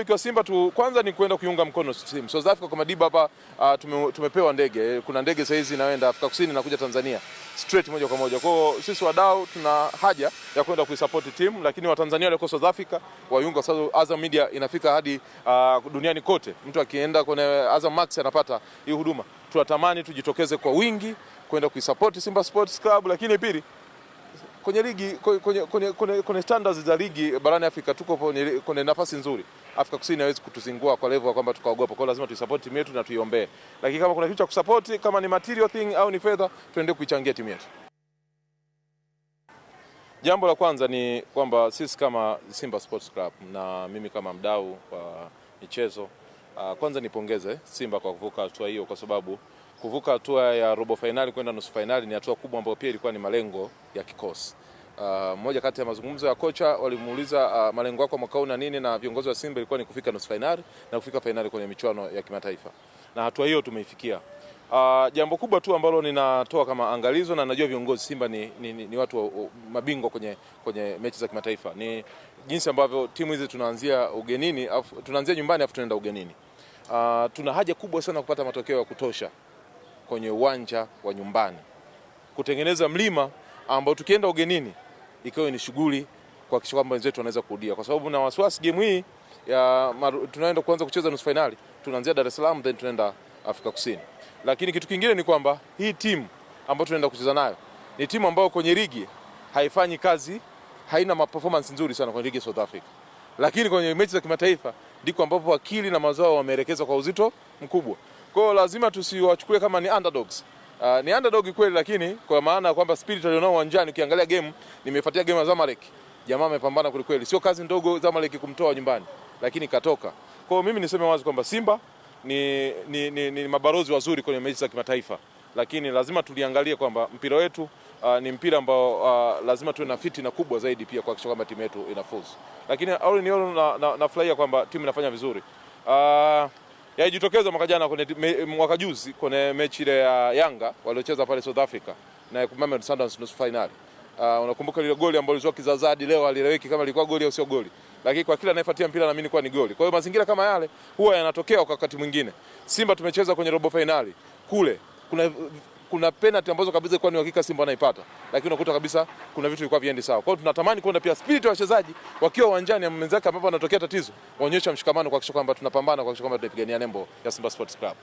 mashabiki wa Simba tu kwanza ni kwenda kuiunga mkono timu South Africa kwa Madiba hapa. Uh, tume, tumepewa ndege, kuna ndege saa hizi inaenda Afrika Kusini na kuja Tanzania straight moja kwa moja. Kwa hiyo sisi wadau tuna haja ya kwenda kuisupport timu, lakini Watanzania walioko South Africa waiunga, sababu Azam Media inafika hadi uh, duniani kote. Mtu akienda kwenye Azam Max anapata hii huduma. Tunatamani tujitokeze kwa wingi kwenda kuisupport Simba Sports Club, lakini pili kwenye ligi kwenye, kwenye, kwenye, kwenye standards za ligi barani Afrika tuko kwenye, kwenye nafasi nzuri. Afrika Kusini hawezi kutuzingua kwa level kwamba tukaogopa. Kwa lazima tuisupport timu yetu na tuiombee, lakini kama kuna kitu cha kusupport, kama ni material thing au ni fedha, tuende kuichangia timu yetu. Jambo la kwanza ni kwamba sisi kama Simba Sports Club na mimi kama mdau wa michezo, ah, kwanza nipongeze Simba kwa kuvuka hatua hiyo kwa sababu kuvuka hatua ya robo fainali kwenda nusu fainali ni hatua kubwa ambayo pia ilikuwa ni malengo ya kikosi. Uh, ah, moja kati ya mazungumzo ya kocha walimuuliza, uh, malengo yako mwaka huu na nini, na viongozi wa Simba ilikuwa ni kufika nusu fainali na kufika fainali kwenye michuano ya kimataifa, na hatua hiyo tumeifikia. Uh, jambo kubwa tu ambalo ninatoa kama angalizo na najua viongozi Simba ni, ni, ni, ni watu wa, mabingwa kwenye, kwenye mechi za kimataifa ni jinsi ambavyo timu hizi tunaanzia ugenini, tunaanzia nyumbani afu tunaenda ugenini. Uh, tuna haja kubwa sana kupata matokeo ya kutosha kwenye uwanja wa nyumbani kutengeneza mlima ambao tukienda ugenini ikiwa ni shughuli kuhakikisha kwamba wenzetu wanaweza kurudia, kwa sababu na wasiwasi game hii ya tunaenda kuanza kucheza nusu finali tunaanzia Dar es Salaam then tunaenda Afrika Kusini. Lakini kitu kingine ni kwamba hii timu ambayo tunaenda kucheza nayo ni timu ambayo kwenye ligi haifanyi kazi, haina performance nzuri sana kwenye ligi ya South Africa lakini kwenye mechi za kimataifa ndiko ambapo akili na mazao wameelekezwa kwa uzito mkubwa. Kwa hiyo lazima tusiwachukue kama ni underdogs. Uh, ni underdog kweli, lakini kwa maana ya kwamba spirit alionao uwanjani, ukiangalia game, nimefuatia game ya Zamalek, jamaa amepambana kweli kweli, sio kazi ndogo Zamalek kumtoa nyumbani, lakini katoka. Kwa hiyo mimi niseme wazi kwamba Simba ni, ni, ni, ni mabalozi wazuri kwenye mechi za kimataifa lakini lazima tuliangalie kwamba mpira wetu uh, ni mpira ambao uh, lazima tuwe na fiti na kubwa zaidi pia kuhakikisha kwamba timu yetu inafuzu. Lakini au ni all na, na, nafurahia kwamba timu inafanya vizuri uh, yaijitokeza mwaka jana kwenye mwaka juzi kwenye mechi ile ya uh, Yanga waliocheza pale South Africa na Mamelodi Sundowns nusu finali. Uh, unakumbuka lile goli ambalo lilikuwa kizazadi, leo alieleweki kama lilikuwa goli au sio goli, lakini kwa kila anayefuatia mpira na naamini kwa ni goli. Kwa hiyo mazingira kama yale huwa yanatokea kwa wakati mwingine. Simba tumecheza kwenye robo finali kule kuna, kuna penalty ambazo kabisa kwa ni hakika Simba anaipata, lakini unakuta kabisa kuna vitu vilikuwa viendi sawa. Kwa hiyo tunatamani kuona pia spirit ya wachezaji wakiwa uwanjani, mwenzake ambapo anatokea tatizo, waonyesha mshikamano, kuhakikisha kwamba tunapambana, kuhakikisha kwamba tunaipigania nembo ya Simba Sports Club.